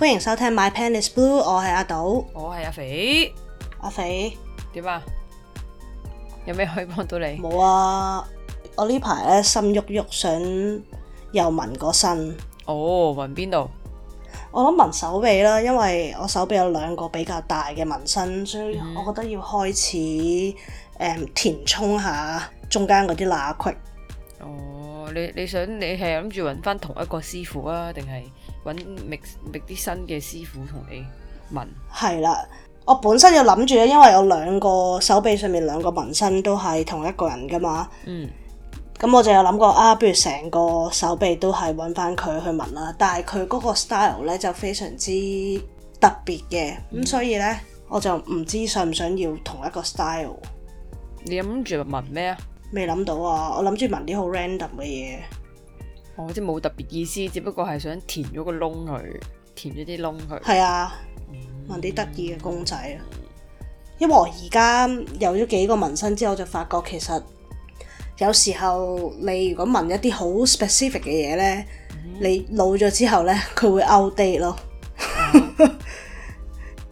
歡迎收聽《My Pen Is Blue》，我係阿島，我係阿肥。阿肥點啊？有咩可以幫到你？冇啊，我呢排咧心郁郁，想又紋個身。哦，紋邊度？我諗紋手臂啦，因為我手臂有兩個比較大嘅紋身，所以我覺得要開始填充下中間嗰啲罅隙。哦。你你想你係諗住搵翻同一個師傅啊，定係搵覓啲新嘅師傅同你紋？係啦，我本身有諗住咧，因為有兩個手臂上面兩個紋身都係同一個人噶嘛。嗯，咁我就有諗過啊，不如成個手臂都係搵翻佢去紋啦。但係佢嗰個 style 呢就非常之特別嘅，咁、嗯嗯、所以呢，我就唔知想唔想要同一個 style。你諗住紋咩啊？未諗到啊！我諗住紋啲好 random 嘅嘢，我即冇特別意思，只不過係想填咗個窿佢，填咗啲窿佢。係啊，紋啲得意嘅公仔啊！因為我而家有咗幾個紋身之後，就發覺其實有時候你如果紋一啲好 specific 嘅嘢咧，你老咗之後咧，佢會 out date 咯。而、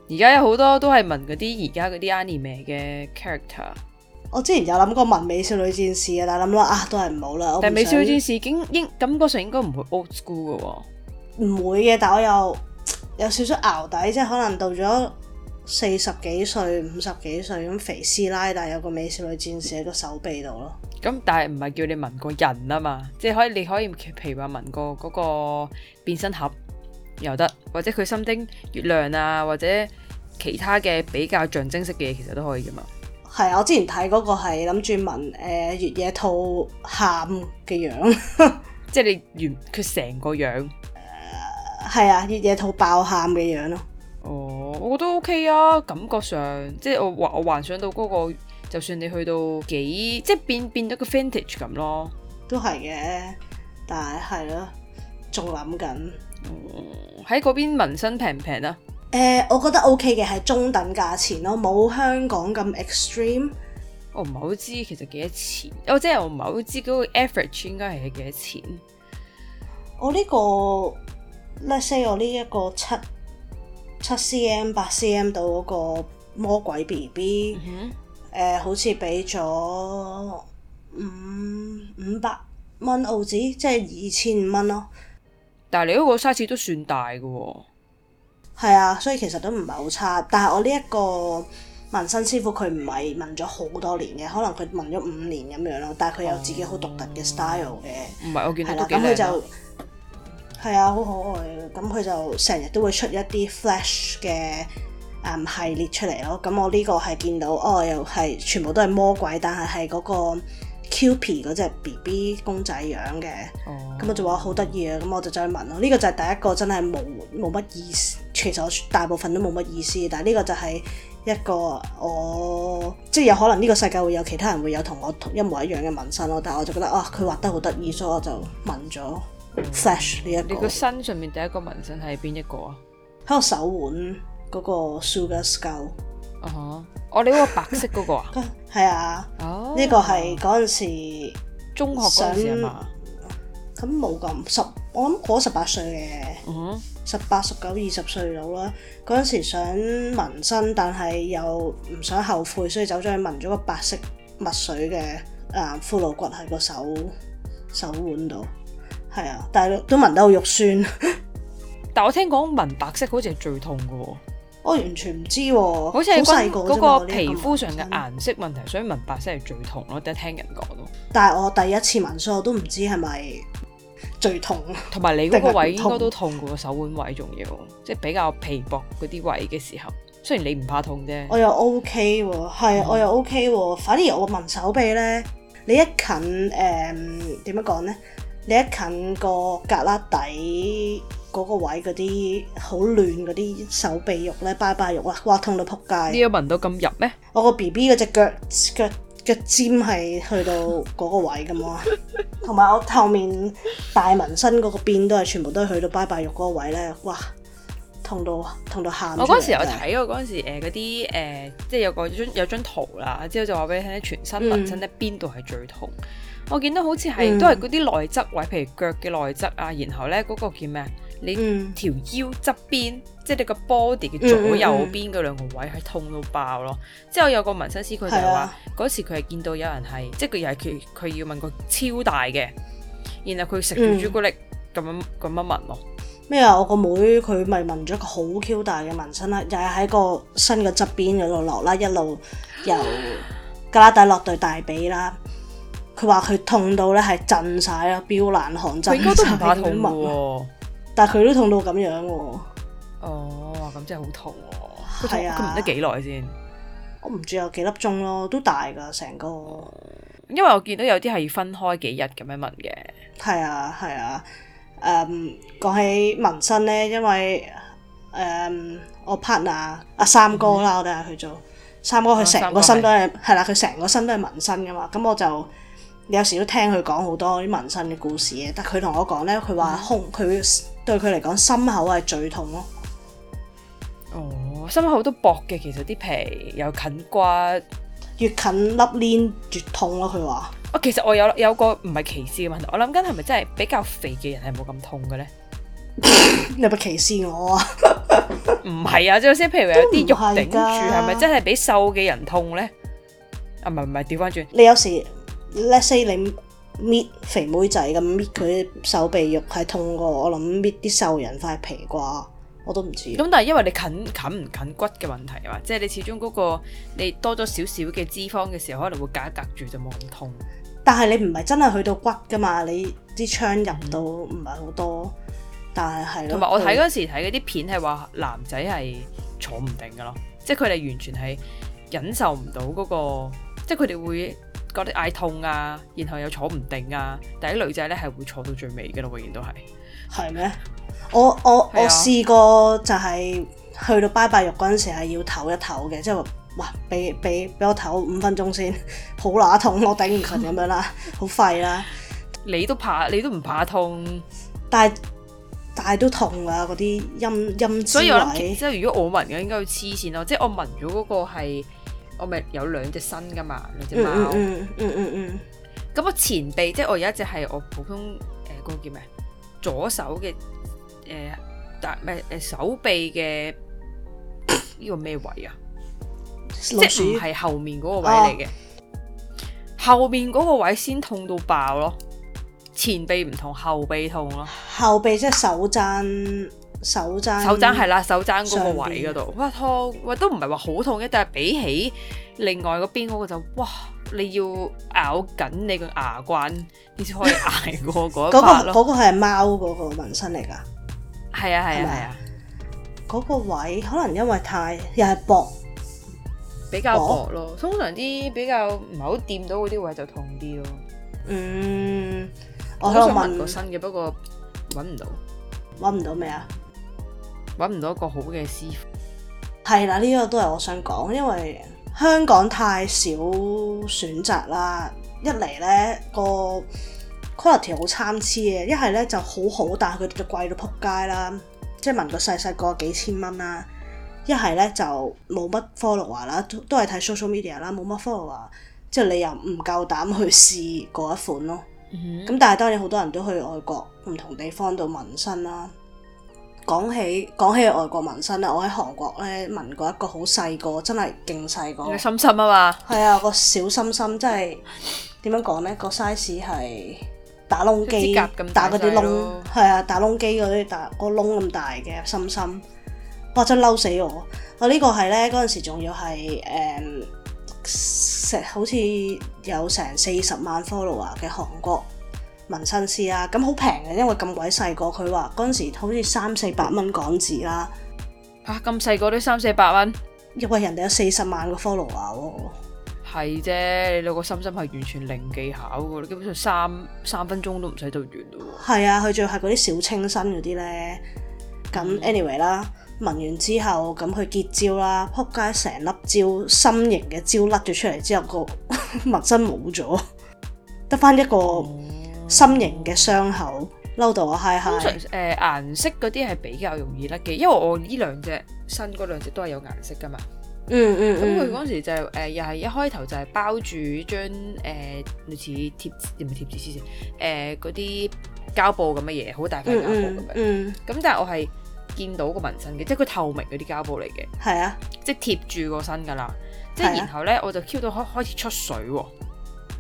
嗯、家 有好多都係紋嗰啲而家嗰啲 anime 嘅 character。我之前有諗過紋美少女戰士啊，但係諗啦啊，都係唔好啦。但係美少女戰士應應感覺上應該唔會 old school 嘅，唔會嘅。但我又有有少少淆底，即係可能到咗四十幾歲、五十幾歲咁肥師奶，但係有個美少女戰士喺個手臂度咯。咁但係唔係叫你紋個人啊嘛，即係可以你可以譬如話紋個嗰個變身盒又得，或者佢心叮月亮啊，或者其他嘅比較象徵式嘅嘢，其實都可以噶嘛。係啊，我之前睇嗰個係諗住紋誒月野兔喊嘅樣， 即係你完佢成個樣。係、呃、啊，月野兔爆喊嘅樣咯。哦，我覺得 OK 啊，感覺上即係我我，我幻想到嗰、那個，就算你去到幾，即係變變咗個 vintage 咁咯。都係嘅，但係係咯，仲諗緊。哦、嗯，喺嗰邊紋身平唔平啊？誒、uh，我覺得 O K 嘅係中等價錢咯，冇香港咁 extreme。我唔係好知其實幾多錢，oh, 我即係我唔係好知嗰個 average 應該係幾多錢。我呢個，let’s say 我呢一個七七 cm、八 cm 到嗰個魔鬼 B B，誒，好似俾咗五五百蚊澳紙，即係二千五蚊咯。但係你嗰個 size 都算大嘅。係啊，所以其實都唔係好差，但係我呢一個紋身師傅佢唔係紋咗好多年嘅，可能佢紋咗五年咁樣咯，但係佢有自己好獨特嘅 style 嘅。嗯、唔係、我見到，咁佢就係啊，好可愛嘅啊，咁佢就成日都會出一啲 flash 嘅啊系列出嚟咯。咁我呢個係見到，哦又係全部都係魔鬼，但係係嗰個。Kewpie 嗰隻 B B 公仔樣嘅，咁、oh. 我就話好得意啊！咁我就再問咯。呢、這個就係第一個真係冇冇乜意思，其實我大部分都冇乜意思。但係呢個就係一個我，即係有可能呢個世界會有其他人會有同我一模一樣嘅紋身咯。但係我就覺得啊，佢畫得好得意，所以我就紋咗。Oh. Flash 呢、這個、一,一個，你、個身上面第一個紋身係邊一個啊？喺個手腕嗰個 Sugar Skull、uh-huh. l 我、哦、你嗰個白色嗰、那個 啊？係、oh，啊，呢個係嗰陣時中學嗰時啊嘛。咁冇咁十，我諗過十八歲嘅，十八十九二十歲到啦。嗰陣時想紋身，但係又唔想後悔，所以走咗去紋咗個白色墨水嘅誒骷髏骨喺個手手腕度。係啊，但係都紋得好肉酸。 但係我聽講紋白色好似係最痛㗎喎。我完全唔知喎，好似係關嗰個皮膚上嘅顏色問題，所以紋白色係最痛咯，都係聽人講咯。但係我第一次紋，所以我都唔知係咪最痛。同埋你嗰個位應該都痛嘅手腕位仲要，即係比較皮薄嗰啲位嘅時候。雖然你唔怕痛啫。我又 OK 喎、啊，係、嗯、我又 OK 喎、啊。反而我紋手臂咧，你一近誒點樣講咧？你一近個胳肋底。嗰、那個位嗰啲好嫩嗰啲手臂肉咧，拜拜肉啦，哇痛到仆街！呢一紋到咁入咩？我個 B B 嗰隻腳腳腳尖係去到嗰個位咁咯，同 埋我後面大紋身嗰個邊都係全部都係去到拜拜肉嗰個位咧，哇痛到痛到喊！我嗰時有睇喎，嗰時誒嗰啲誒即係有個張有張圖啦，之後就話俾你聽、嗯，全身紋身咧邊度係最痛？我見到好似係都係嗰啲內側位、嗯，譬如腳嘅內側啊，然後咧嗰、那個叫咩你條腰側邊，嗯、即係你個 body 嘅左右邊嗰兩個位係痛到爆咯、嗯嗯。之後有個紋身師他說，佢就係話嗰時佢係見到有人係，即係佢又係佢佢要問個超大嘅，然後佢食住朱古力咁、嗯、樣咁樣紋咯。咩啊？我個妹了一個妹佢咪紋咗個好 Q 大嘅紋身啦，又係喺個新身嘅側邊嗰度落啦，一路由胳肋底落對大髀啦。佢話佢痛到咧係震晒咯，飆冷汗，震曬。我應該都係俾好但佢都痛到咁樣喎。哦，咁真係好痛喎。係啊，佢紋得幾耐先？我唔知有幾粒鐘咯，都大噶成個。因為我見到有啲係分開幾日咁樣紋嘅。係啊，係啊。誒，講起紋身咧，因為誒我 partner 阿三哥啦，我哋係去做三哥，佢成個身都係係啦，佢成個身都係紋身噶嘛。咁我就有時都聽佢講好多啲紋身嘅故事嘅。但佢同我講咧，佢話空佢。對佢嚟講，心口係最痛咯、哦。哦，心口都薄嘅，其實啲皮有近骨，越近粒鏈越痛咯。佢話，啊、哦，其實我有有個唔係歧視嘅問題，我諗緊係咪真係比較肥嘅人係冇咁痛嘅咧？ 你咪歧視我啊？唔 係啊，即有些，譬如話有啲肉頂住，係咪、啊、真係俾瘦嘅人痛咧？啊，唔係唔係，調翻轉，你有時，Let's say 你 you...。搣肥妹仔咁搣佢手臂肉係痛過我諗搣啲瘦人塊皮啩，我都唔知。咁但係因為你近近唔近骨嘅問題啊，即係你始終嗰個你多咗少少嘅脂肪嘅時候，可能會隔一隔住就冇咁痛。但係你唔係真係去到骨噶嘛？你啲槍入唔到，唔係好多，嗯、但係係咯。同埋我睇嗰時睇嗰啲片係話男仔係坐唔定噶咯，即係佢哋完全係忍受唔到嗰個，即係佢哋會。覺得嗌痛啊，然後又坐唔定啊，但係啲女仔咧係會坐到最尾噶咯，永遠都係。係咩？我我 我試過就係、是、去到拜拜肉嗰陣時係要唞一唞嘅，即係話哇俾俾俾我唞五分鐘先，好乸痛我頂唔順咁樣啦，好 廢啦、啊。你都怕，你都唔怕痛，但係但係都痛啊！嗰啲陰陰之類，所以我諗即係如果我紋嘅應該要黐線咯，即係我紋咗嗰個係我咪有兩隻身噶嘛，兩隻貓。嗯嗯嗯嗯咁、嗯、我前臂，即、就、係、是、我有一隻係我普通誒嗰、呃那個叫咩，左手嘅誒，但唔係手臂嘅呢、這個咩位啊？即唔係後面嗰個位嚟嘅、哦，後面嗰個位先痛到爆咯，前臂唔同後臂痛咯，後臂即係手踭。手踭？手踭係啦，手踭嗰個位嗰度，屈痛屈都唔係話好痛嘅，但係比起另外嗰邊嗰個就，哇！你要咬緊你個牙關，你先可以挨過嗰一巴咯、 嗰個嗰、嗰個係貓嗰個紋身嚟噶，係啊係啊係啊，嗰、啊啊啊嗰個位可能因為太又係薄，比較薄咯。薄咯通常啲比較唔係好掂到嗰啲位就痛啲咯。嗯，我都紋過身嘅，我問問不過搵唔到，搵唔到咩啊？揾唔到一個好嘅師傅，係啦，呢、這個都係我想講，因為香港太少選擇啦。一嚟呢個 quality 好參差嘅，一係呢就好好，但係佢哋就貴到撲街啦，即係紋個細細個幾千蚊啦。一係呢就冇乜 follower 啦，都都係睇 social media 啦，冇乜 follower，即係你又唔夠膽去試嗰一款咯。咁、嗯、但係當然好多人都去外國唔同地方度紋身啦。講起講起外國紋身咧，我喺韓國咧紋過一個好細個，真係勁細個。個心心啊嘛。係啊，個小心心真係點樣講咧？個 size 係打窿機打嗰啲窿，係啊，打窿機嗰啲打個窿咁大嘅心心，哇！真嬲死我。我這個是呢個係咧嗰陣時仲要係誒，成、嗯、好似有成四十萬 follower 嘅韓國紋身師啊，咁好平啊，因為咁鬼細個，佢話嗰陣時好似三四百蚊港紙啦，吓、啊，咁細個都三四百蚊，因為人哋有四十萬個 follower 喎，係啫，你個心心係完全零技巧嘅，你基本上三三分鐘都唔使做完咯，係啊，佢仲要係嗰啲小清新嗰啲咧，咁 anyway 啦，紋完之後咁去結招啦，撲街成粒招心形嘅招甩咗出嚟之後，個紋 身冇咗，得翻一個、嗯。心形嘅傷口，嬲到我嗨嗨。通常誒，顏色嗰啲係比較容易甩嘅，因為我呢兩隻身嗰兩隻都係有顏色噶嘛。嗯嗯。咁佢嗰時就誒，又係一開頭就係包住張誒，類似貼，唔係貼紙先，誒，嗰啲膠布咁嘅嘢，好大塊膠布咁樣。嗯。咁、嗯就是呃呃呃嗯嗯嗯，但係我係見到個紋身嘅，即係佢透明嗰啲膠布嚟嘅。係啊，即貼身的。即係貼住個身噶啦，即係然後咧，啊、我就 Q 到開開始出水，啊，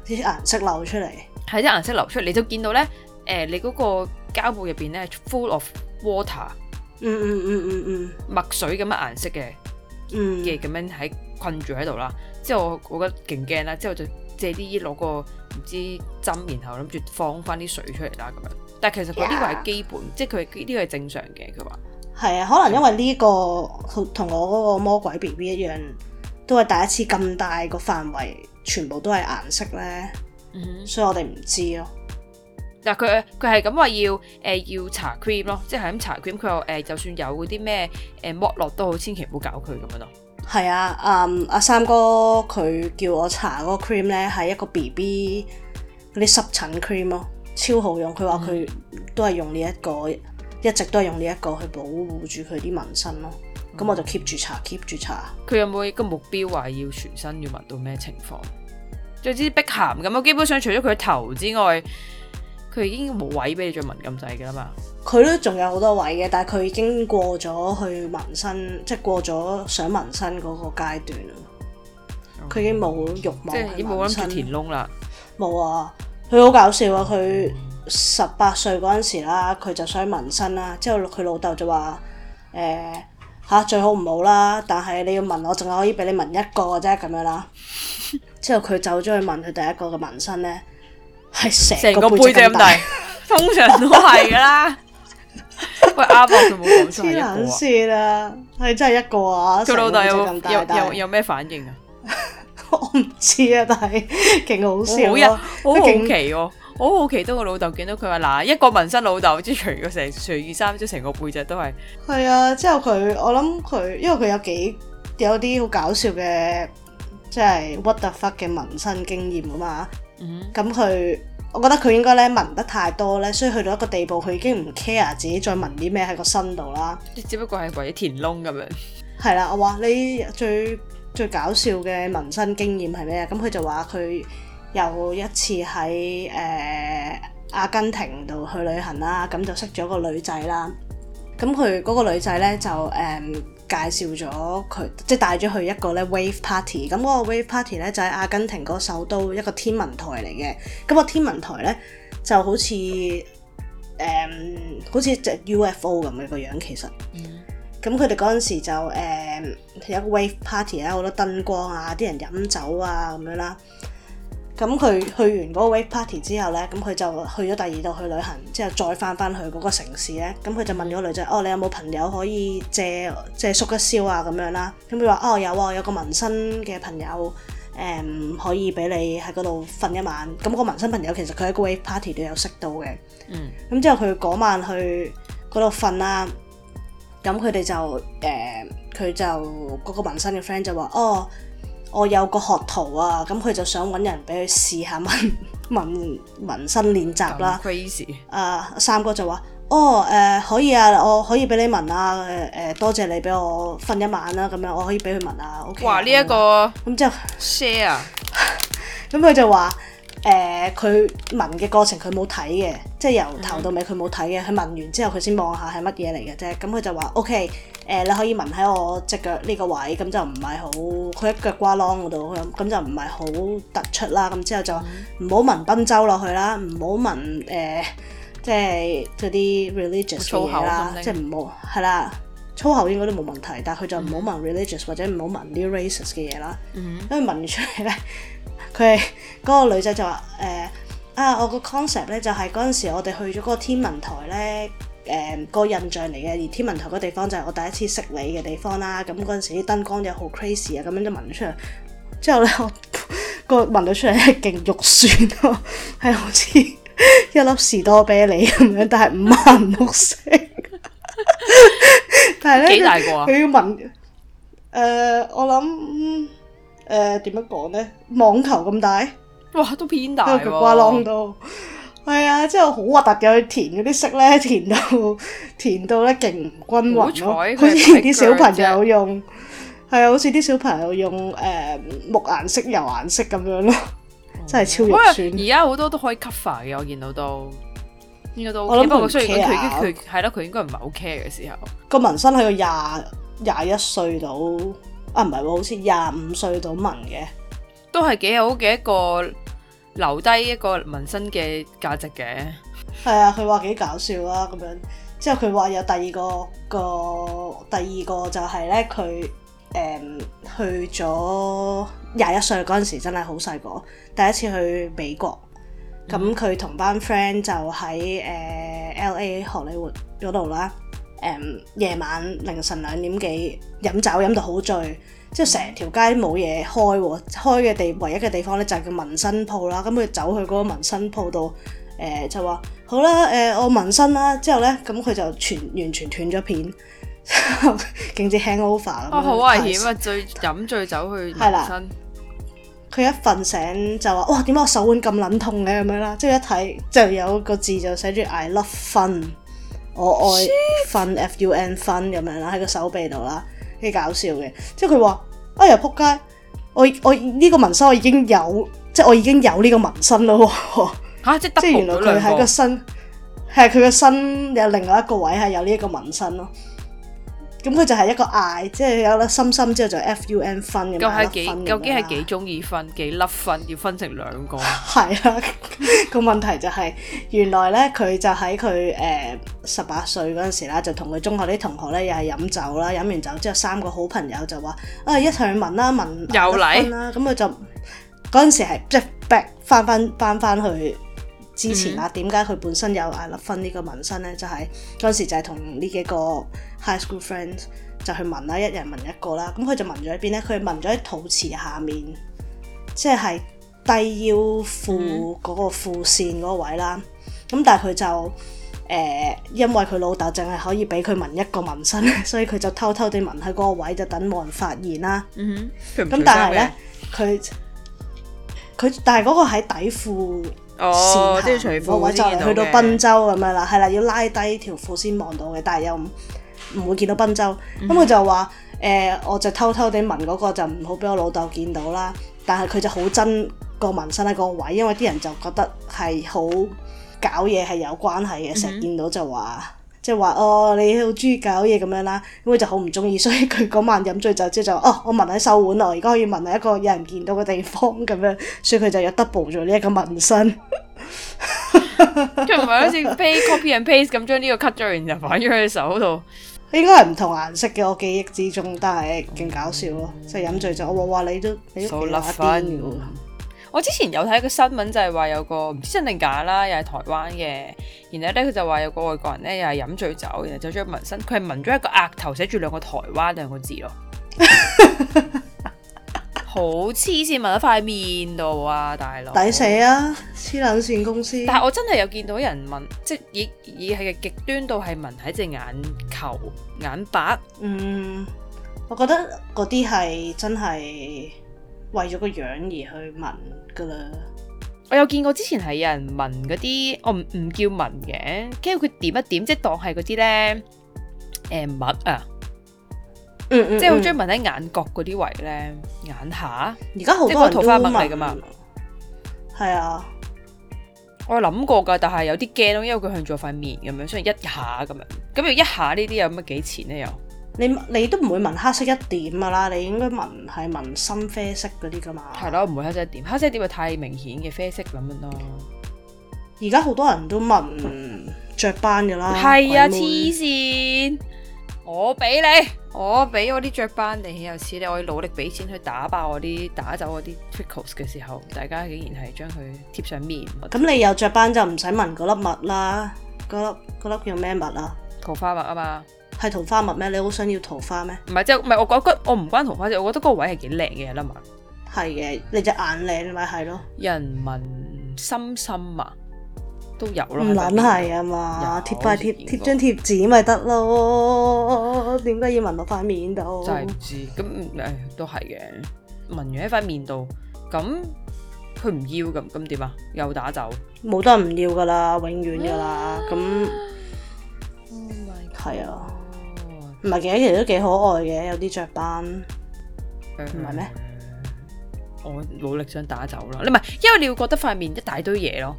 啲顏色漏出嚟。喺啲顏色流出嚟，呃，你就見到咧。誒，你嗰個膠布入邊咧，full of water，嗯嗯嗯嗯嗯，墨水咁嘅顏色嘅，嘅咁樣喺困住喺度啦。之後我我覺得勁驚啦，之後就借啲攞個唔知針，然後諗住放翻啲水出嚟啦咁樣。但係其實佢呢個係基本，即係佢呢個係正常嘅。佢話係啊，可能因為呢個同我嗰個魔鬼 B B 一樣，都係第一次咁大個範圍，全部都係顏色咧。Mm-hmm. 所以我哋唔知咯。但佢佢係咁話要，誒、呃、要搽 cream 咯，即係咁搽 cream。佢又誒，就算有啲咩誒剝落都好，千祈唔好搞佢咁樣咯。係啊，嗯，阿、啊、三哥佢叫我搽嗰個 cream 咧，係一個 BB 啲濕疹 cream 咯，超好用。佢話佢都係用呢、這、一個，mm-hmm. 一直都係用呢一個去保護住佢啲紋身咯。咁、mm-hmm. 我就 keep 住搽 keep 住搽。佢有冇一個目標話要全身要紋到咩情況？最之碧咸咁啊，基本上除咗佢個頭之外，佢已經冇位俾你再紋咁滯噶啦嘛。佢都仲有好多位嘅，但係佢已經過咗去紋身，即係過咗想紋身嗰個階段。佢已經冇慾望，即係冇諗住填窿啦。冇啊！佢好搞笑啊！佢十八歲嗰陣時啦，佢就想紋身啦，之後佢老豆就話，誒、欸，吓最好唔好啦，但係你要紋我，淨係可以俾你紋一個嘅啫，咁樣啦。 之後佢走咗去問佢第一個嘅紋身咧，係成個背脊咁大，大，通常都係㗎啦。 喂，阿婆，伯黐捻線啊，係 真係一個啊！佢老豆有麼大有有咩反應？ 不啊，啊？我唔知啊，但係勁好笑好好奇哦、啊，好好奇我，當個老豆見到佢話嗱一個紋身的老，老豆即係除咗成除衫，即係成個背脊都係。係啊，之後佢我諗佢因為佢有幾有啲好搞笑嘅。即係屈 h a 嘅紋身經驗啊嘛，咁、mm-hmm. 佢我覺得佢應該咧紋得太多咧，所以去到一個地步，佢已經唔 care 自己再紋啲咩喺個身度啦。只不過係鬼咗填窿咁樣。係啦，我話你最最搞笑嘅紋身經驗係咩啊？咁佢就話佢有一次喺誒、呃、阿根廷度去旅行啦，咁就識咗個女仔啦。咁佢嗰個女仔咧就誒、呃介紹咗佢，即係帶咗去一個咧 wave party。咁嗰個 wave party 咧就喺、是、阿根廷嗰首都一個天文台嚟嘅。咁、那個天文台咧就好似誒、呃，好似隻 UFO 咁樣個樣。其實，咁佢哋嗰陣時就、呃、有一個 wave party 啦，好多燈光啊，啲人飲酒啊咁樣啦。咁佢去完嗰個 wave party 之後咧，咁佢就去咗第二度去旅行，之後再翻翻去嗰個城市咧，咁佢就問咗女仔：哦，你有冇朋友可以借借宿一宵啊？咁樣啦，咁佢話：哦，有啊，有個紋身嘅朋友，誒、嗯，可以俾你喺嗰度瞓一晚。咁、嗰個紋身朋友其實佢喺個 wave party 都有識到嘅，嗯。咁之後佢嗰晚去嗰度瞓啦，咁佢哋就誒，佢、呃、就嗰、嗰個紋身嘅 friend 就話：哦。我有個學徒啊，咁佢就想揾人俾佢試下紋紋紋身練習啦。誒，uh, 三哥就話：哦、oh, uh，可以啊，我可以俾你紋啊。Uh, 多謝你俾我瞓一晚啦、啊。咁樣我可以俾佢紋啊。Okay? 哇！呢、um, 一個咁之後 share，咁 佢就話。誒、呃、佢聞嘅過程佢冇睇嘅，即係由頭到尾佢冇睇嘅。佢、嗯、聞完之後佢先望下係乜嘢嚟嘅啫。咁佢就話：OK，誒、呃、你可以聞喺我隻腳呢個位置，咁就唔係好佢喺腳瓜窿嗰度，咁就唔係好突出啦。咁之後就唔好聞賓州落去啦，唔好聞誒、呃，即係嗰啲 religious 粗口啦，即係唔好係啦。粗口應該都冇問題，但係佢就唔好聞 religious、嗯、或者唔好聞啲 racist 嘅嘢啦。因、嗯、為聞完出嚟咧。佢嗰、那個女仔就話：誒、呃、啊，我個 concept 咧就係嗰陣時我哋去咗嗰個天文台咧，誒、呃，那個印象嚟嘅。而天文台個地方就係我第一次識你嘅地方啦。咁嗰陣時啲燈光又好 crazy 啊，咁樣就聞咗出嚟。之後咧，我、那個聞到出嚟係勁肉酸咯，係好似一粒士多啤梨咁樣，但係五顏六色。 但係咧，佢、啊、要聞誒、呃，我諗。嗯誒、呃，點樣講咧？網球咁大，哇，都偏大喎，個瓜窿都係啊，之後好核突嘅去填嗰啲色咧，填到填到咧，勁唔均匀咯，好似啲小朋友用係啊，好似啲小朋友用誒、呃、木顏色油顏色咁樣咯、嗯，真係超肉酸。而家好多都可以 cover 嘅，我見到都應該都。我諗過佢，雖然佢佢係咯，佢應該唔係好 care 嘅時候。個紋身喺個廿廿一歲到。啊，唔係喎，好似廿五歲到紋嘅，都係幾好嘅一個留低一個紋身嘅價值嘅。係 啊，佢話幾搞笑啊。咁樣之後佢話有第二個個，第二個就係咧，佢、嗯、誒去咗廿一歲嗰陣時候，真係好細個，第一次去美國，咁佢同班 friend 就喺誒 L A 荷里活嗰度啦。誒、um, 夜晚凌晨兩點幾飲酒飲到好醉，即係成條街冇嘢開喎，開嘅地唯一嘅地方咧就係叫紋身鋪啦。咁佢走去嗰個紋身鋪度，誒、欸、就話好啦，誒、呃、我紋身啦。之後咧，咁佢就全完全斷咗片，勁 接 hangover 咁好、啊、危險啊！醉飲醉走去紋身。佢一瞓醒就話：哇，點解我手腕咁撚痛嘅咁樣啦？即係一睇就有一個字就寫住 I love fun。我愛 fun，f u n fun 咁樣啦，喺個手臂度啦，幾搞笑嘅。即係佢話：哎呀，仆街！我我呢個紋身我已經有，即係我已經有呢個紋身咯喎。嚇！即係原來佢喺個身，係佢個身有另外一個位係有呢一個紋身咯。咁佢就係一個嗌，即係有啦，深深之後就 F U N 分咁樣甩分，究竟係幾中意分幾甩分、分，要分成兩個？係啊，個 問題就係、是、原來咧，佢就喺佢誒十八歲嗰陣時啦，就同佢中學啲同學咧又係飲酒啦。飲完酒之後，三個好朋友就話啊，一齊去問啦問有嚟啦。咁佢、嗯、就嗰陣時係即係 back 翻翻翻翻去。之前啦，點解佢本身有阿立芬呢個紋身咧？就係、是、嗰陣時就係同呢幾個 high school friends 就去紋啦，一人紋一個啦。咁佢就紋咗喺邊咧？佢紋咗喺肚臍下面，即、就、係、是、低腰褲嗰個褲線嗰個位啦。咁、嗯、但係佢就誒、呃，因為佢老豆淨係可以俾佢紋一個紋身，所以佢就偷偷地紋喺嗰個位，就等冇人發現啦。咁、嗯、但係咧，佢佢但係嗰個喺底褲位哦，即係就去到賓州咁樣啦，係啦，要拉低條褲先望到嘅，但係又唔會見到賓州。咁、嗯、佢就話、呃，我就偷偷地紋嗰、嗰個，就唔好俾我老豆見到啦。但係佢就好憎個紋身喺個位，因為啲人就覺得係好搞嘢，係有關係嘅，成日見到就話，即係話哦，你好中意搞嘢咁樣啦，咁佢就好唔中意，所以佢嗰晚飲醉就即係就哦，我紋喺手腕咯，而家可以紋喺一個有人見到嘅地方咁樣，所以佢就有 double 咗呢一個紋身，佢唔係好似 copy and paste 咁將呢個 cut 咗完就擺咗喺手度，應該係唔同顏色嘅，我記憶之中，但係勁搞笑咯，即係飲醉就我話你都，你都幾癲嘅。我之前有睇一個新聞，就係、係、話有個唔知真定假啦，又係台灣嘅，然後咧佢就話有個外國人咧又係飲醉酒，然後就將紋身，佢係紋咗一個額頭，寫住兩個台灣兩個字咯， 好黐線紋喺塊面度啊，大佬抵死啊，黐捻線公司！但係我真係有見到人紋，即係以以係極端到係紋喺隻眼球眼白，嗯，我覺得嗰啲係真係。為咗個樣而去紋噶啦，我有見過之前係有人紋嗰啲，我唔唔叫紋嘅，跟住佢點一點，即係當係嗰啲咧，誒、欸、物啊，嗯嗯，嗯，即係好中意紋喺眼角嗰啲位咧，眼下，而家好多桃花物嚟噶嘛。係啊，我諗過噶，但係有啲驚咯，因為佢向咗塊面咁樣，所以一下咁樣，咁樣一下呢啲有乜幾錢咧又？你你都唔會紋黑色一點噶啦，你應該紋係紋深啡色嗰啲噶嘛。係咯，唔會黑色一點，黑色一點係太明顯嘅啡色咁樣咯。而家好多人都紋雀斑噶啦。係啊，黐線！我俾你，我俾我啲雀斑，你又黐，你我要努力俾錢去打爆我啲，打走我啲 trickles 嘅時候，大家竟然係將佢貼上面。咁你有雀斑就唔使紋嗰粒癦啦，嗰粒嗰粒叫咩癦啊？桃花癦啊嘛。係桃花蜜咩？你好想要桃花咩？唔係即係唔係？我覺得，我唔關桃花啫，我覺得嗰個位係幾靚嘅啦嘛。係嘅，你隻眼靚咪係咯。有人紋心心啊，都有咯。唔卵係啊嘛，貼塊貼貼張貼紙咪得咯。點解要紋落塊面度？真係唔知。咁誒都係嘅，紋完喺塊面度，咁佢唔要咁，咁點啊？又打走？冇得唔要噶啦，永遠噶啦。咁、啊，係、oh、啊。唔係嘅，其實都幾可愛嘅，有啲雀斑，唔係咩？我努力想打走啦，你唔係，因為你會覺得塊面一大堆嘢咯。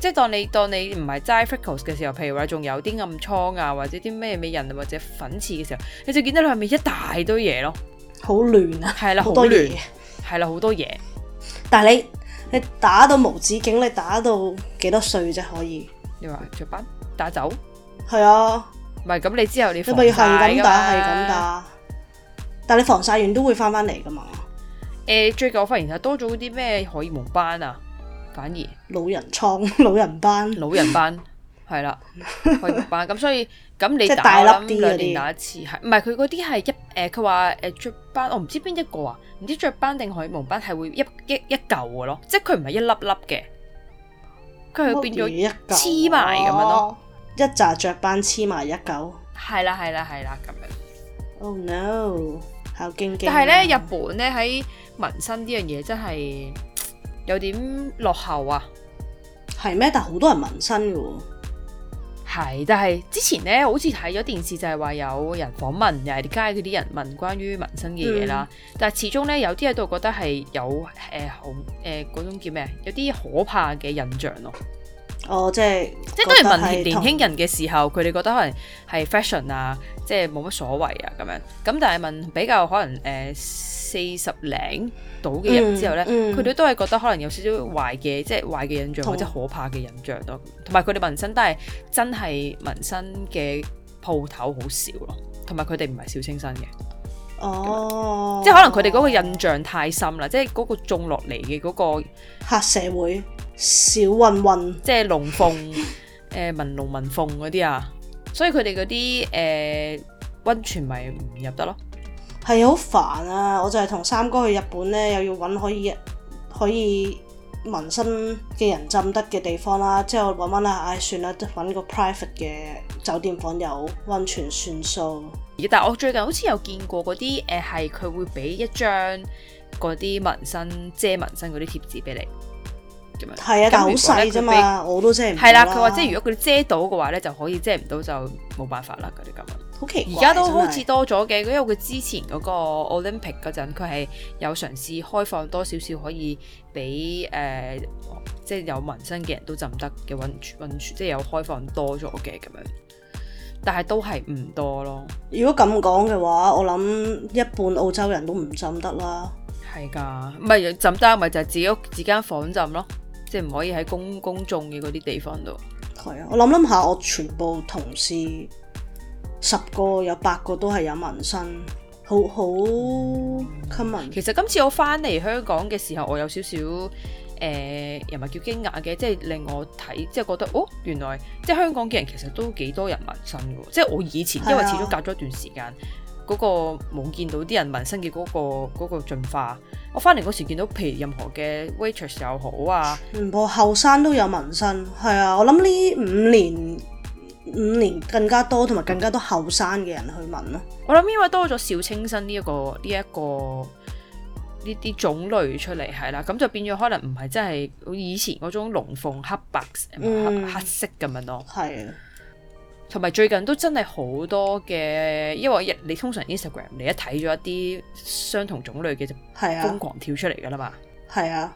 即係當你當你唔係齋 freckles 嘅時候，譬如話仲有啲暗瘡啊，或者啲咩咩人或者粉刺嘅時候，你就見到你係咪一大堆嘢咯？好亂啊！係啦，好多嘢，係啦，好多嘢。但係你你打到無止境，你打到幾多歲啫？可以？你話雀斑打走？係啊。唔係咁，你之後你，你打，曬完啊，但係你防曬完都會翻翻嚟噶嘛？誒、呃，最近我發現其實多咗啲咩荷爾蒙斑啊，反而老人瘡、老人斑、老人斑係啦，荷爾蒙斑。咁 所以咁你打即係大粒啲打一次係唔係佢嗰啲係一誒？佢話誒雀斑，我唔、呃哦、知邊一個啊？唔知雀斑定荷爾蒙斑係會一一一嚿嘅咯，即係佢唔係一粒粒嘅，佢變咗黐埋咁樣咯。一紮雀斑黐埋一嚿。係啦，係啦，係啦，咁樣。Oh no！好驚驚。但係咧，日本咧喺紋身呢樣嘢真係有點落後啊。係咩？但係好多人紋身嘅。係，但係之前咧，好似睇咗電視，就係話有人訪問，又係街嗰啲人問關於紋身嘅嘢啦。嗯、但係始終咧，有啲喺度覺得係有誒恐誒嗰種叫咩？有啲可怕嘅印象咯、啊。哦、oh，即係即係都係問年輕人嘅時候，佢哋覺得可能係 fashion 啊，即係冇乜所謂啊咁樣。咁但係問比較可能誒四十零到嘅人之後咧，佢、嗯、哋、嗯、都係覺得可能有少少壞嘅，即係壞嘅印象或者可怕嘅印象咯。同埋佢哋紋身都係真係紋身嘅鋪頭好少咯，同埋佢哋唔係小清新嘅。哦、oh...，即係可能佢哋嗰個印象太深啦，oh... 即係嗰個種落嚟嘅嗰個黑社會。小混混，即係龍鳳，誒紋龍紋鳳嗰啲啊，所以佢哋嗰啲誒温泉咪唔入得咯，係好煩啊！我就係同三哥去日本咧，又要揾可以可以紋身嘅人浸得嘅地方啦、啊，之後揾翻啦，唉、哎，算啦，揾個 private 嘅酒店房有温泉算數。但係我最近好似有見過嗰啲誒，係、呃、佢會俾一張嗰啲紋身遮紋身嗰啲貼紙俾你。係啊，但係好細啫嘛，我都遮唔到。係啦、啊，佢話即係如果佢遮到嘅話咧，就可以遮唔到就冇辦法啦。佢哋咁樣，而家都好似多咗嘅，因為佢之前嗰個 Olympic 嗰陣，佢係有嘗試開放多少少可以俾誒、呃，即係有紋身嘅人都浸得嘅溫泉，溫泉即係有開放多咗嘅咁樣。但係都係唔多咯。如果咁講嘅話，我諗一半澳洲人都唔浸得啦。係㗎，唔係浸得咪就係自己屋、自間房浸咯。即係唔可以喺公公眾嘅嗰啲地方度。係啊，我諗諗下，我全部同事十個有八個都係有紋身，好好 common。其實今次我翻嚟香港嘅時候，我有少少誒，又唔係叫驚訝嘅，即係令我睇即係覺得哦，原來即係香港嘅人其實都幾多人紋身嘅，即係我以前、啊、因為始終隔咗一段時間。嗰個冇見到啲人紋身嘅嗰個嗰個進化，我翻嚟嗰時見到，譬如任何嘅 waitress 又好啊，全部後生都有紋身，係啊，我諗呢五年五年更加多，同埋更加多後生嘅人去紋咯。我諗因為多咗小清新呢一個呢一個呢啲種類出嚟，係啦，啊，咁就變咗可能唔係真係以前嗰種龍鳳黑白、嗯、黑色咁樣咯，係，啊。同埋最近都真係好多嘅，因為我日你通常 Instagram 你一睇咗一啲相同種類嘅就係啊，就瘋狂跳出嚟噶啦嘛。係啊，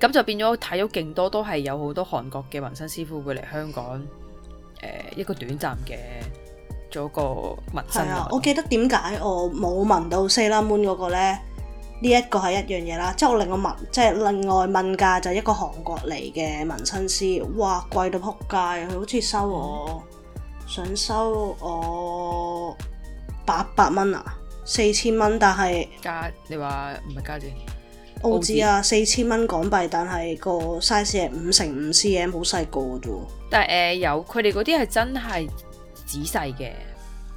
咁就變咗睇咗勁多都係有好多韓國嘅紋身師傅會嚟香港誒、呃、一個短暫嘅做一個紋身。啊，我記得點解我冇紋到 Sailor Moon 嗰個咧？呢一個係一樣嘢啦。即係我另外問，即係另外問價就係一個韓國嚟嘅紋身師，哇貴到撲街，佢好似收我。想收我八百蚊啊，四千蚊，但係加你話唔係加字，澳紙啊，四千蚊港幣，但係個 size 係五乘五 cm，好細個嘅。但係誒、呃、有，佢哋嗰啲係真係仔細嘅，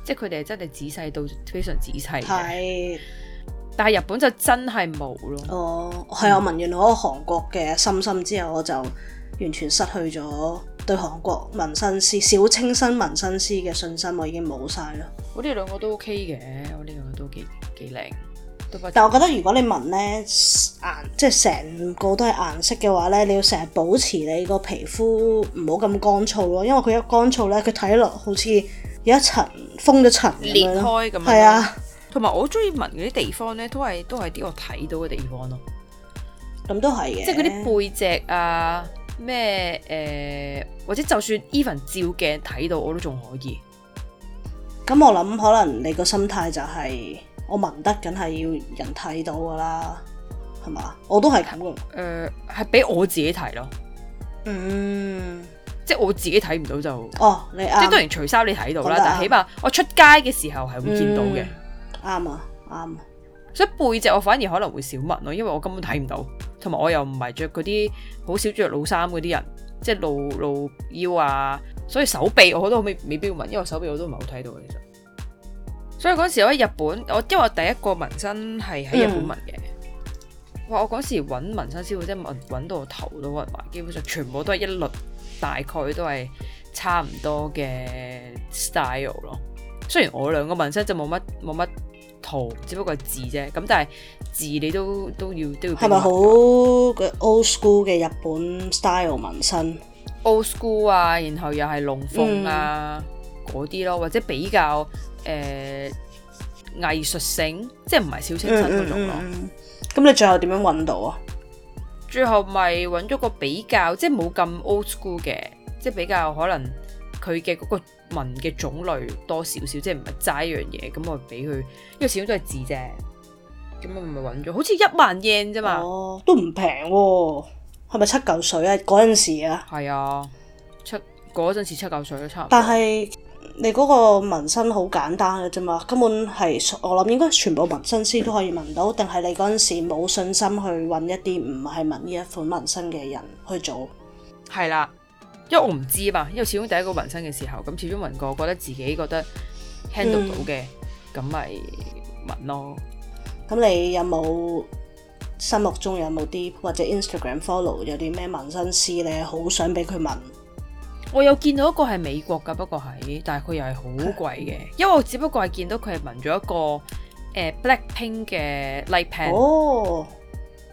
即係佢哋係真係仔細到非常仔細係，但係日本就真係冇咯。哦，係我聞完嗰個韓國嘅深深之後，我就完全失去咗。對韓國紋身師、小清新紋身師嘅信心，我已經冇晒咯。我呢兩個都 OK 嘅，我呢兩個都幾幾靚。但我覺得如果你紋咧顏，即係成個都係顏色嘅話咧，你要成日保持你個皮膚唔好咁乾燥咯，因為佢一乾燥咧，佢睇落好似有一層封咗層裂開咁。係啊，同埋我中意紋嗰啲地方咧，都係都係啲我睇到嘅地方咯。咁都係嘅，即係嗰啲背脊啊。咩誒、呃，或者就算 even 照鏡睇到我都仲可以。咁我諗可能你個心態就係我紋得梗係要人睇到噶啦，係嘛？我都係咁噶。誒、呃，係俾我自己睇咯。嗯，即係我自己睇唔到就哦，你啱即當然除衫你睇到啦，但係起碼我出街嘅時候係會見到嘅。啱、嗯、啊，啱所以背脊我反而可能會少紋咯，因為我根本睇唔到，同埋我又唔係着嗰啲好少着老衫嗰啲人，即係露露腰啊。所以手臂我覺得未未必要紋，因為手臂我都唔係好睇到其實。所以嗰時候我喺日本，我因為我第一個紋身係喺日本紋嘅、嗯。哇！我嗰時揾紋身師傅，即係紋到到頭都鬱埋，基本上全部都係一律，大概都係差唔多嘅 style 咯。雖然我兩個紋身就冇乜冇乜。圖只不過字啫，咁但係字你都都要都要。係咪好 old school 嘅日本 style 紋身？old school 啊，然後又係龍鳳啊嗰啲、嗯、咯，或者比較誒藝術性，即係唔係小清新嗰種咯。咁、嗯嗯嗯、你最後點樣揾到啊？最後咪揾咗個比較，即係冇咁 old school 嘅，即係比較可能佢嘅嗰個。紋嘅種類多少少，即係唔係齋一樣嘢，咁我俾佢，因為始終都係字啫。咁咪咪揾咗，好似一萬 y e 啫嘛，都唔平喎。係咪七嚿水啊？嗰陣時啊，係啊，七嗰陣時七嚿水都差唔多。但係你嗰個紋身好簡單嘅啫嘛，根本係我諗應該全部紋身師都可以紋到，定係你嗰陣時冇信心去揾一啲唔係紋呢一款紋身嘅人去做？係啦。因為我唔知吧，因為始終第一個紋身嘅時候咁，始終紋過覺得自己覺得 handle 到嘅咁咪紋咯。咁你有冇心目中有冇啲或者 Instagram follow 有啲咩紋身師咧？好想俾佢紋。我有見到一個係美國噶，不過係，但係佢又係好貴嘅、嗯，因為我只不過係見到佢係紋咗一個誒、呃、BLACKPINK 嘅 light pen 哦，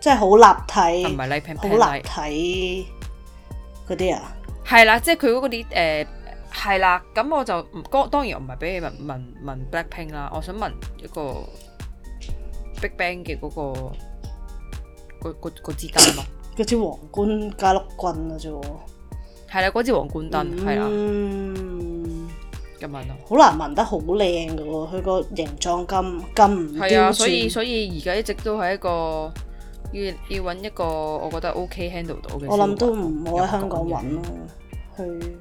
真係好立體，唔係 light pen？好立體嗰啲啊？係啦，即係佢嗰啲誒，係、呃、啦，咁我就唔，當然唔係俾你問問問 Blackpink 啦，我想問一個 BigBang 嘅嗰、嗰個個個燈咯。嗰支皇冠加碌棍啊啫喎。係啦，嗰支皇冠燈係、嗯、啦。咁問咯。好難聞得好靚嘅喎，佢個形狀咁咁唔刁係啊，所以所以而家一直都係一個要要揾一個我覺得 OK handle 到嘅。我諗都唔好喺香港揾咯。去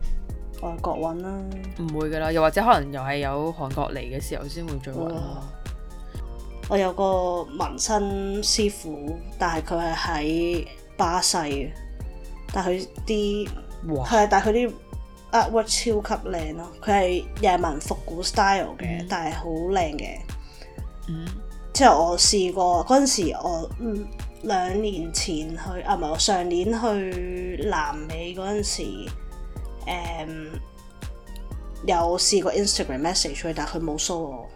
外國揾啦，唔會噶啦。又或者可能又係有韓國嚟嘅時候先會再揾。我有個紋身師傅，但係佢係喺巴西嘅，但佢啲係，但係佢啲 artwork 超級靚咯。佢係日文紋復古 style 嘅、嗯，但係好靚嘅。嗯，之後我試過嗰陣時我，我、嗯、兩年前去啊，唔係我上年去南美嗰陣時。誒、um，有試過 Instagram message 佢，但係佢冇收我。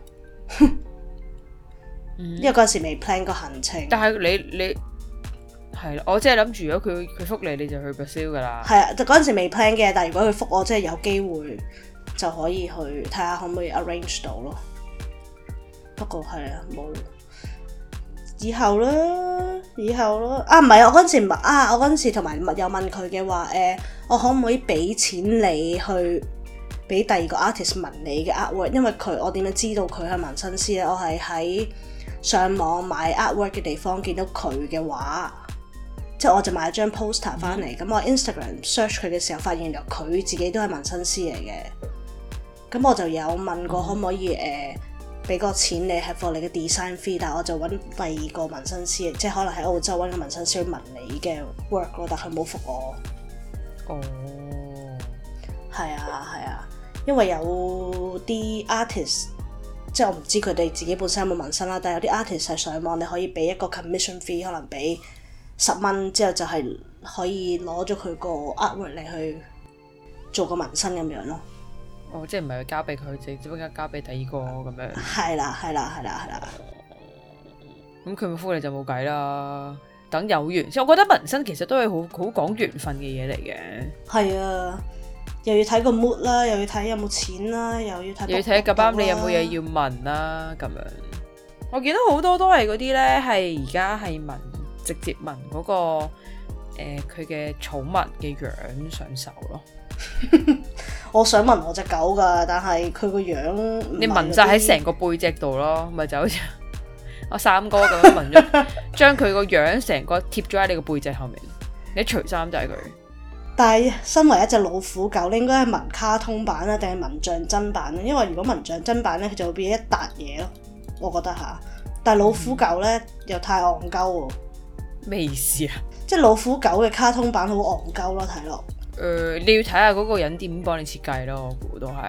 因為嗰時未 plan 個行程。但係你你係啦，我即係諗住，如果佢佢覆你，你就去 Brazil 㗎喇。係啊，就嗰時未 plan 嘅，但係如果佢覆我，即係有機會就可以去睇下可唔可以 arrange 到咯。不過係啊，冇。以後咯，以後咯。啊，唔係，我嗰陣時啊，我嗰陣時同埋有問佢嘅話，誒、呃，我可唔可以俾錢你去俾第二個 artist 紋你嘅 artwork？因為佢，我點樣知道佢係紋身師咧？我係喺上網買 artwork 嘅地方見到佢嘅畫，即係我就買咗張 poster 翻嚟。咁我 Instagram search 佢嘅時候，發現原來佢自己都係紋身師嚟嘅。咁我就有問過可唔可以誒、呃俾個錢你係 for 你嘅 design fee，但係我就揾第二個紋身師，即係可能喺澳洲揾個紋身師去紋你嘅 work 咯，但佢冇覆我。哦，係啊，係啊，因為有啲 artist，即係我唔知佢哋自己本身有冇紋身啦，但係有啲 artist 係上網你可以俾一個 commission fee，可能俾十蚊之後就係可以攞咗佢個 artwork 嚟去做個紋身咁樣咯。哦，即係唔係交俾佢，只只不過交俾第二個咁樣。係啦，係啦，係啦，係啦。咁佢咪呼你就冇計啦。等有緣，即我覺得紋身其實都係好好講緣分嘅嘢嚟嘅。係啊，又要睇個 mood 啦，又要睇有冇錢啦，又要睇，又要睇個包你有冇嘢要紋啦、啊，咁樣。我見到好多都係嗰啲咧，係而家係紋直接紋嗰、那個誒佢嘅寵物嘅樣子上手咯。 我想紋我隻狗噶，但係佢個樣你紋晒喺成個背脊度咯，咪 就好似我三哥咁樣紋咗，將 佢個樣成個貼咗喺你個背脊後面，你除衫就係佢。但係身為一隻老虎狗你應該係紋卡通版呀，定係紋象真版呀？因為如果紋象真版咧，佢就會變成一笪嘢咯。我覺得吓，但係老虎狗咧，嗯，又太戇鳩喎。咩意思啊？即係老虎狗嘅卡通版好戇鳩咯，睇落。誒、呃，你要睇下嗰個人點幫你設計咯，我估都係。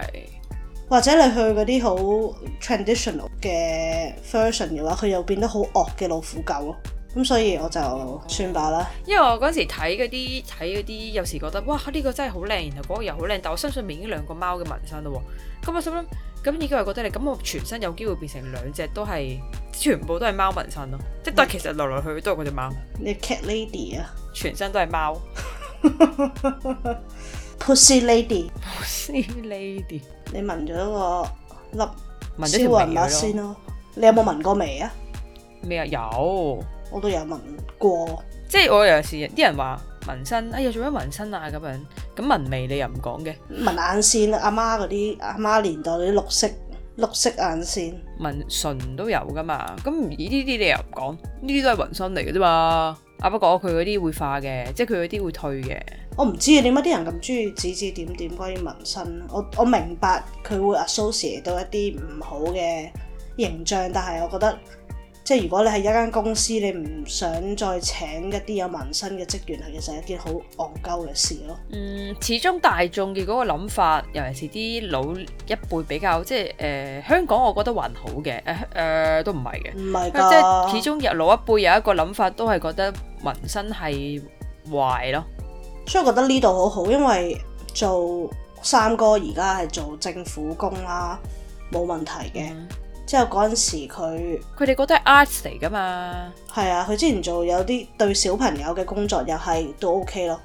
或者你去嗰啲好 traditional 嘅 version 嘅話，佢又變得好惡嘅老虎狗咯。咁所以我就算罷啦、嗯。因為我嗰時睇嗰啲睇嗰啲，有時覺得哇呢個真係好靚，然後嗰個又好靚。但我身上面已經兩個貓嘅紋身啦，咁我心諗咁已經係覺得你咁我全身有機會變成兩隻都係全部都係貓紋身咯，即係都係其實來來去去都係嗰隻貓。你 cat lady 啊，全身都係貓。 pussy lady，pussy lady，pussy lady 你紋咗個粒消魂筆先咯，你有冇紋過眉啊？眉啊有，有，我都有紋過，即係我有時啲人話紋身，哎呀做咩紋身啊咁樣，咁紋眉你又唔講嘅？紋眼線阿媽嗰啲阿媽年代啲綠色綠色眼線，紋唇都有噶嘛，咁呢啲你又唔講，呢啲都係紋身嚟嘅啫嘛。啊，不過佢嗰啲會化嘅，即係佢嗰啲會退嘅。我唔知點解啲人咁中意指指點點關於紋身。我我明白佢會 associate 到一啲唔好嘅形象，但係我覺得。即係如果你係一間公司，你唔想再請一啲有紋身嘅職員，係其實一件好戇鳩嘅事咯。嗯，始終大眾嘅嗰個諗法，尤其是啲老一輩比較，即係誒、呃、香港，我覺得還好嘅，誒、呃、誒、呃、都唔係嘅，唔係即係始終有老一輩有一個諗法，都係覺得紋身係壞咯。所以我覺得呢度好好，因為做三哥而家係做政府工啦，冇問題嘅。嗯。之後嗰陣時，佢佢哋覺得係 arts 嚟噶嘛？係啊，佢之前做有啲對小朋友嘅工作，又係都 OK 咯。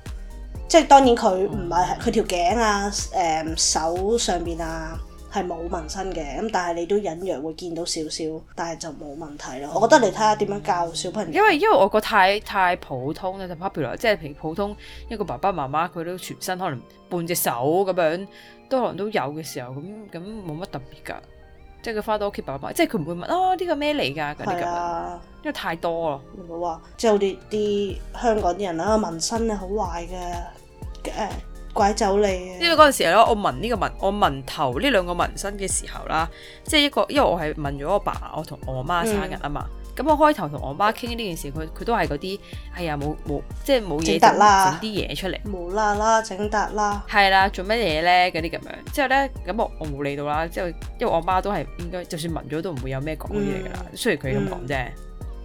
即係當然佢唔係佢條頸啊、誒、嗯、手上邊啊係冇紋身嘅，咁但係你都隱約會見到少少，但係就冇問題咯。我覺得你睇下點樣教小朋友。因為因為我覺得太太普通咧，就 popular，即係譬如普通一個爸爸媽媽，佢都全身可能半隻手咁樣都可能都有嘅時候，咁咁冇乜特別噶。即係佢返到屋企爸爸，即係佢唔會問、哦、這來的啊呢個咩嚟㗎嗰啲咁，因為太多啦。唔好話，即係我哋啲香港啲人啦，紋身啊好壞嘅誒，拐走你。因為嗰陣時咧，我紋呢個紋，我紋頭呢兩個紋身嘅時候啦，即係一個，因為我係紋咗我爸，我同我媽生日啊嘛。嗯咁我開頭同我媽傾呢件事，佢佢都係嗰啲哎呀，冇冇即係冇嘢整啲嘢出嚟，冇啦啦整笪啦，係啦做乜嘢咧嗰啲咁樣，之後咧咁我我冇理到啦，之後因為我媽都係應該就算聞咗都唔會有咩講啲嚟㗎啦，雖然佢咁講啫，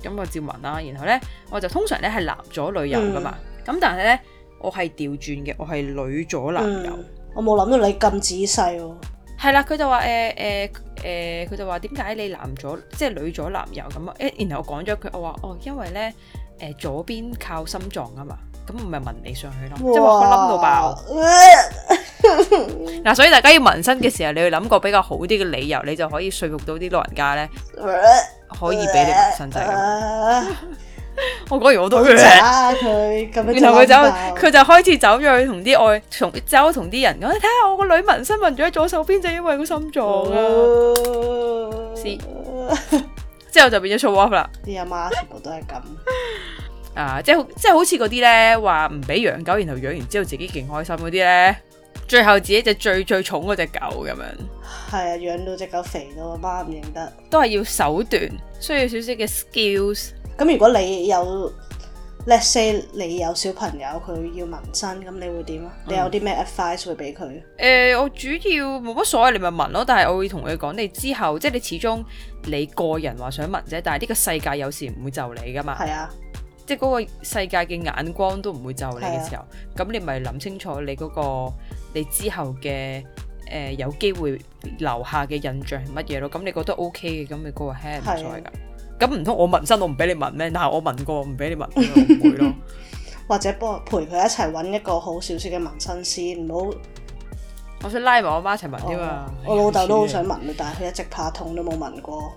咁、嗯、我照聞啦，然後咧我就通常咧係男左女右㗎嘛，咁、嗯、但係咧我係調轉嘅，我係女左男右、嗯。我冇諗到你咁仔細喎、哦。係啦，佢就話誒誒誒，佢，欸欸欸欸，就話點解你男左，即，就，係，是，女左男右咁啊？誒，然後我講咗佢，我話哦，因為咧誒，呃，左邊靠心臟啊嘛，咁唔係紋你上去咯，即係話佢冧到爆。嗱， 啊，所以大家要紋身嘅時候，你要諗個比較好啲嘅理由，你就可以說服到啲老人家咧，可以俾你紋身就係咁。 我講完我都佢，佢然後佢就佢就開始走咗去同啲外，走同啲人講。睇下我個女紋身紋咗喺左手邊，就因為個心臟啦、啊。之、哦哦、 後就變咗出 up 啦。啲阿媽，媽全部都係咁啊，即係即係好似嗰啲咧，話唔俾養狗，然後養完之後自己勁開心嗰啲咧，最後自己隻最最重嗰隻狗咁樣係啊，養到隻狗肥到阿媽唔認得，都係要手段，需要少少嘅 skills。咁如果你有，let's say 你有小朋友佢要紋身，咁你會點啊？你有啲咩 advice、嗯、會俾佢？誒、欸，我主要冇乜所謂，你咪紋咯。但係我會同佢講，你之後即係你始終你個人話想紋啫。但係呢個世界有時唔會就你噶嘛。係啊，即係嗰個世界嘅眼光都唔會就你嘅時候，咁、啊、你咪諗清楚你嗰、嗰個你之後嘅誒、呃、有機會留下嘅印象係乜嘢咯？咁你覺得 OK 嘅，咁你嗰個 hand 唔所謂噶。咁唔通我紋身我唔俾你紋咩？但係我紋過，唔俾你紋，唔會咯。 或者幫陪佢一齊搵一個好少少嘅紋身師，唔好。我想拉埋我媽一齊紋添嘛、哦，我老豆都好想紋 但係佢一直怕痛都冇紋過。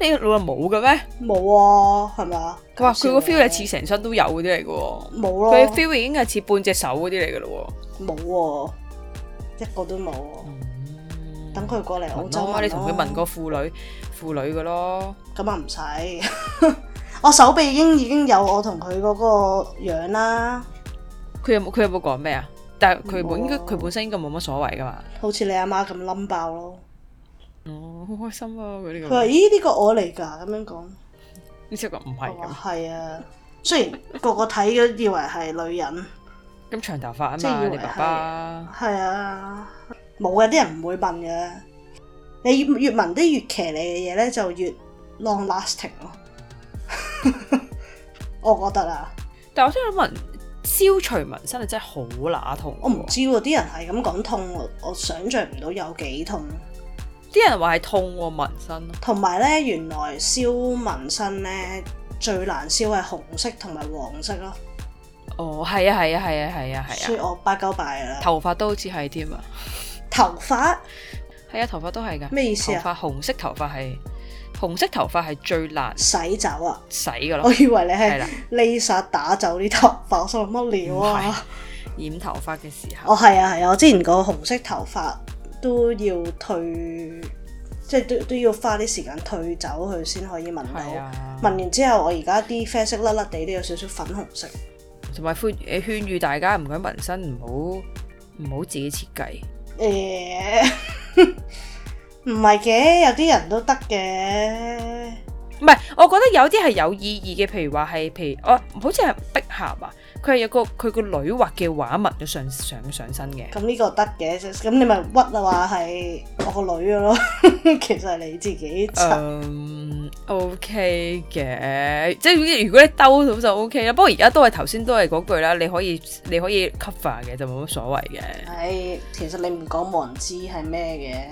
你老豆冇嘅咩？冇啊，係咪啊？佢話佢個 feel 係似成身都有嗰啲嚟嘅。冇咯、啊，佢 feel 已經係似半隻手嗰啲嚟嘅咯。冇啊，一個都冇、啊。等佢過嚟澳洲、啊，你同佢紋個婦女。婦女嘅咯，咁啊唔使， 我手臂已經已經有我同佢嗰個樣啦。佢有冇佢有冇講咩啊？但係佢本佢本身應該冇乜所謂噶嘛。好似你阿媽咁冧爆咯。哦，好開心啊！佢呢個佢話咦呢個我嚟噶，咁樣講呢隻個唔係咁係啊。雖然個個睇嘅以為係女人，咁 長頭髮啊要你爸爸係啊，冇嘅啲人唔會問嘅。你越聞啲越騎你嘅嘢咧，就越 long lasting 咯。 我覺得啊，但我真係想問，消除紋身係真係好乸痛，啊啊、痛。我唔知喎，啲人係咁講痛，我我想象唔到有幾痛。啲人話係痛紋身。同埋咧，原來燒紋身咧最難燒係紅色同埋黃色咯。哦，係啊，係啊，係啊，係啊，係啊。所以、啊、我八九拜啦。頭髮都好似係添啊！ 頭髮。哎，頭髮都係噶咩意思啊？頭髮紅色頭髮係紅色頭髮係最難洗，洗走啊！洗噶啦，我以為你係呢剎打走啲頭髮，我乜料啊？染頭髮嘅時候，哦，係啊係啊。我之前個紅色頭髮都要退，即係都都要花啲時間退走佢先可以紋到。紋、啊、完之後，我而家啲啡色甩甩地都有少少粉紅色，同埋灰嘅。勸喻大家唔好紋身，唔好唔好自己設計。欸唔係嘅，有啲人都得嘅，唔係，我覺得有啲係有意義嘅，譬如話係，譬如我，好似係碧咸啊。佢係有個佢個女畫嘅畫物嘅上上上身嘅。咁、嗯、呢、這個得嘅，咁你咪屈啊話係我個女嘅咯、 um, okay okay。其實你自己嗯 O K 嘅，即係如果你兜到就 O K 啦。不過而家都係頭先都係嗰句啦，你可以你可以 cover 嘅就冇乜所謂嘅。係其實你唔講冇人知係咩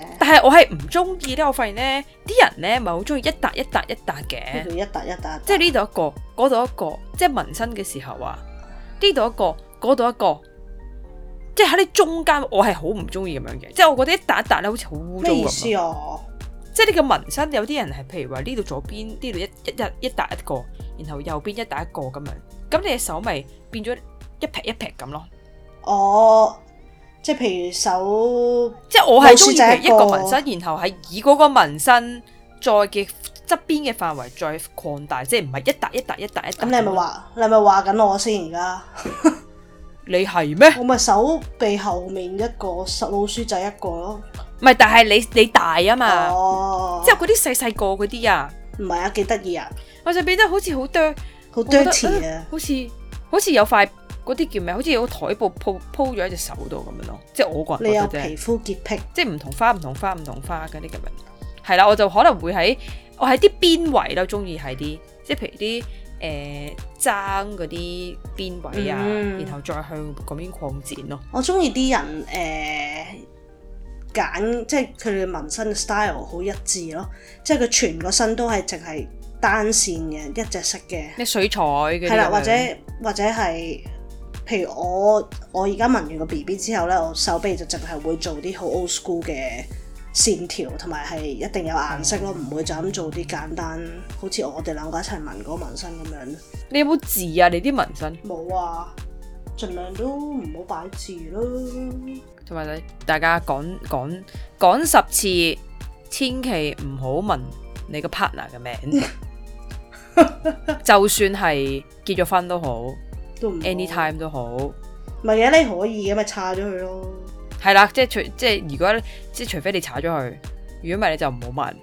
嘅。但係我係唔中意呢。我發現咧啲人咧唔係好中意一笪一笪一笪嘅，就係、一笪一笪，即係呢度一個，嗰度一個，即係紋身嘅時候啊。呢度一個，嗰度一個，即係喺你中間，我係好唔中意咁樣嘅，即係我覺得一笪一笪咧、啊，好似好污糟咁，即係你個紋身有，有啲人係譬如話呢度左邊，呢度一一一一笪一個，然後右邊一笪一個咁樣，咁你嘅手咪變咗一撇一撇咁咯？哦，即係譬如手，即係我係中意一個紋身，然後係以嗰個紋身再嘅。側邊嘅範圍再擴大，即係唔係一笪一笪一笪一笪。咁你係咪話你係咪話緊我先而家？你係咩？ 我咪手臂後面一個實老鼠仔一個咯。唔係，但係你你大啊嘛，哦、oh.，即係嗰啲細細個嗰啲啊。唔係啊，幾得意啊！我就變得好似好多好多錢啊，好似好似有塊嗰啲叫咩？好似有個台布鋪鋪咗喺隻手度咁樣咯，即係我個人覺得啫。你有皮膚潔癖，即係唔同花唔同花唔同花嘅呢咁樣。係啦，我就可能會喺。哦、我喺啲邊位都中意係啲即係譬如啲誒、呃、爭嗰啲邊位啊、嗯，然後再向嗰邊擴展咯。我中意啲人誒揀、呃，即係佢哋紋身 style 好一致咯，即係佢全個身都係淨係單線嘅一隻色嘅。咩水彩嘅。係啦，或者或者係譬如我我而家紋完個 BB 之後咧，我手臂就淨係會做啲好 old school 嘅。線條同埋係一定有顏色咯，唔、嗯、會就咁做啲簡單，好似我哋兩個一齊紋嗰個紋身咁樣。你有冇字啊？你啲紋身冇啊？盡量都唔好擺字咯。同埋你大家講講講十次，千祈唔好紋你個 partner 嘅名， 就算係結咗婚都好，anytime 都好。咪嘅你可以嘅咪叉咗佢咯。係、嗯、啦，即係除即係如果即係除非你查咗佢，如果唔係你就唔好問。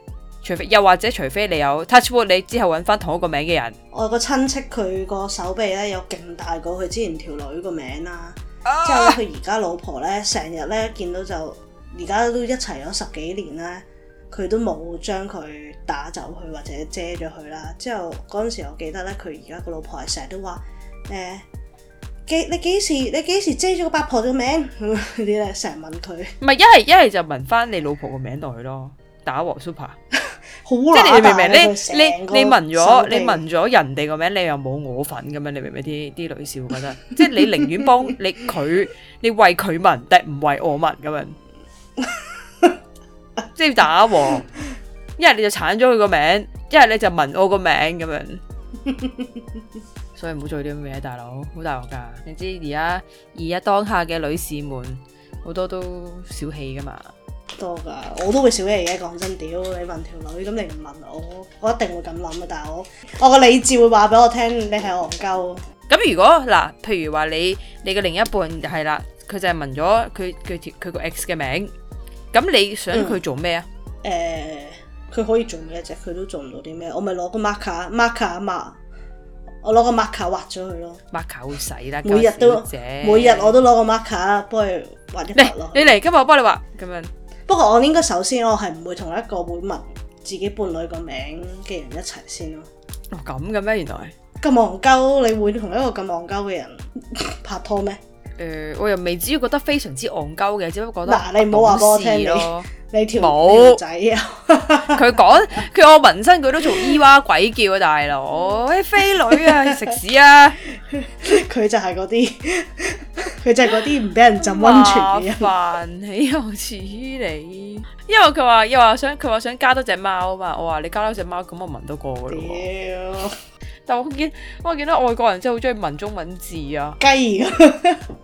除非又或者除非你有 touch wood，你之後揾翻同一個名嘅人。我有個親戚佢個手臂咧有勁大過佢之前條女個名啦，啊，之後咧佢而家老婆咧成日咧見到就而家都一齊咗十幾年啦，佢都冇將佢打走佢或者遮咗佢啦。之後嗰陣時我記得咧佢而家個老婆係成日都話誒。欸幾你幾時你幾時遮咗 個八婆個名？咁啊，啲咧成日問佢。唔係一係一係就紋翻你老婆個名落去咯，打王 super。 即係你明唔明？你你你紋咗你紋咗人哋個名，你又冇我份咁樣。你明唔明啲啲女笑我覺得？ 即係你寧願幫你佢，你為佢紋，但唔為我紋咁樣。 即係打王，一係你就鏟咗佢個名，一係你就紋我個名咁樣。 所以唔好做啲咁嘅嘢，大佬好大鑊噶。你知而家而家當下嘅女士們好多都小氣噶嘛，多噶，我都會小氣嘅。講真，屌你紋條女，咁你唔紋我，我一定會咁諗嘅。但係我我個理智會話俾我聽，你係憨鳩。咁如果嗱，譬如話你你嘅另一半係啦，佢就係紋咗佢佢佢個 ex 嘅名，咁你想佢做咩啊？誒、嗯，佢、呃、可以做咩啫？佢都做唔到啲咩？我咪攞個 marker，marker、啊、嘛。我攞個 marker 畫咗佢咯，marker 會使啦，每日都，每日我都攞個 marker 幫佢畫一畫咯。你嚟今日我幫你畫，咁樣。不過我應該首先我係唔會同一個會問自己伴侶個名嘅人一齊先咯。哦，咁嘅咩？原來咁戇鳩，你會同一個咁戇鳩嘅人拍拖咩？誒、呃，我又未至於覺得非常之戇鳩嘅，只不過覺得嗱、啊，你唔好話我聽你，你條仔仔，佢講佢我紋身，佢都做咿哇鬼叫啊！大佬，哎、欸，飛女啊，食 屎啊！佢就係嗰啲，佢就係嗰啲唔俾人浸溫泉嘅人。飯起又似你，因為佢話又話想佢話想加多隻貓嘛，我話你加多隻貓咁，那我紋到過嘅咯。了 但我見我見到外國人真係好中意紋中文字啊，雞。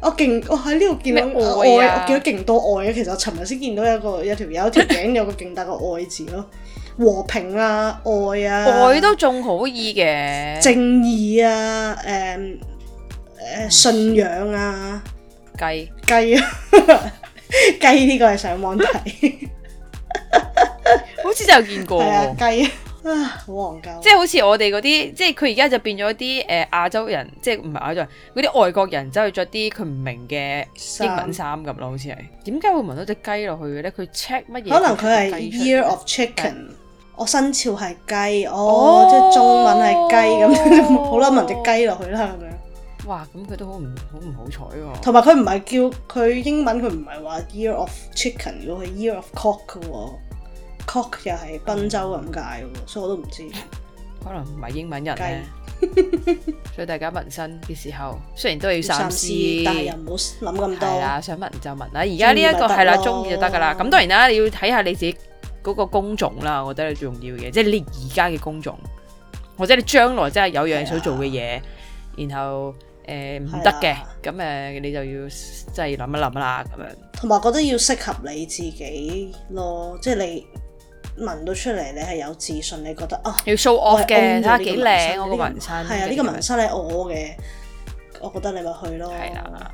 我勁我喺呢度見到愛、啊啊、愛，我見到勁多愛。其實我尋日先見到一個有條有條頸有個勁大個愛字咯， 和平啊愛啊，愛都仲可以嘅，正義啊，誒、嗯、誒信仰啊，雞雞雞呢個係上網睇 好似就見過，係啊雞。啊，好戇鳩即係好似我哋嗰啲，即係佢而家就變咗啲誒亞洲人，即係唔係亞洲人嗰啲外國人，走去着啲佢唔明嘅英文衫咁咯，好似係。點解會紋到隻雞落去嘅咧？佢 check 乜嘢？可能佢係 year of chicken，我生肖係雞，哦，哦即係中文係雞咁，好、哦、啦， 紋隻雞落去啦咁樣。哇！咁佢都好唔好唔好彩喎。同埋佢唔係叫佢英文，佢唔係話 year of chicken，佢係 year of cock 噶喎、哦。cock 又係濱州咁解，所以我都唔知。可能唔係英文人 所以大家紋身嘅時候，雖然都要三思，但係又唔好諗咁多。啦，想紋就紋啦。而家呢一個係啦，中意就得噶啦。咁當然啦，你要睇下你自己嗰個工種啦。我覺得最重要嘅，即係你而家嘅工種，或者你將來真係有樣想做嘅嘢，然後誒唔得嘅，咁、呃、誒你就要即係諗一諗啦，咁樣。同埋我覺得要適合你自己咯，即係你。聞到出嚟，你係有自信，你覺得啊，要 show off 嘅，呢個幾靚，呢、這個紋身係啊，呢、這個紋身係我嘅，我覺得你咪去咯，係啦，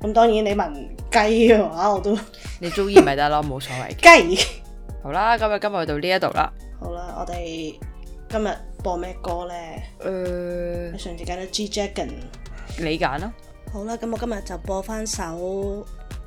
咁當然你紋雞嘅話，我都你中意咪得咯，冇 所謂。雞好啦，今日今日去到呢一度啦，好啦，我哋今日播咩歌咧？誒、呃，上次揀咗 G Dragon，你揀咯。好啦，咁我今日就播翻首。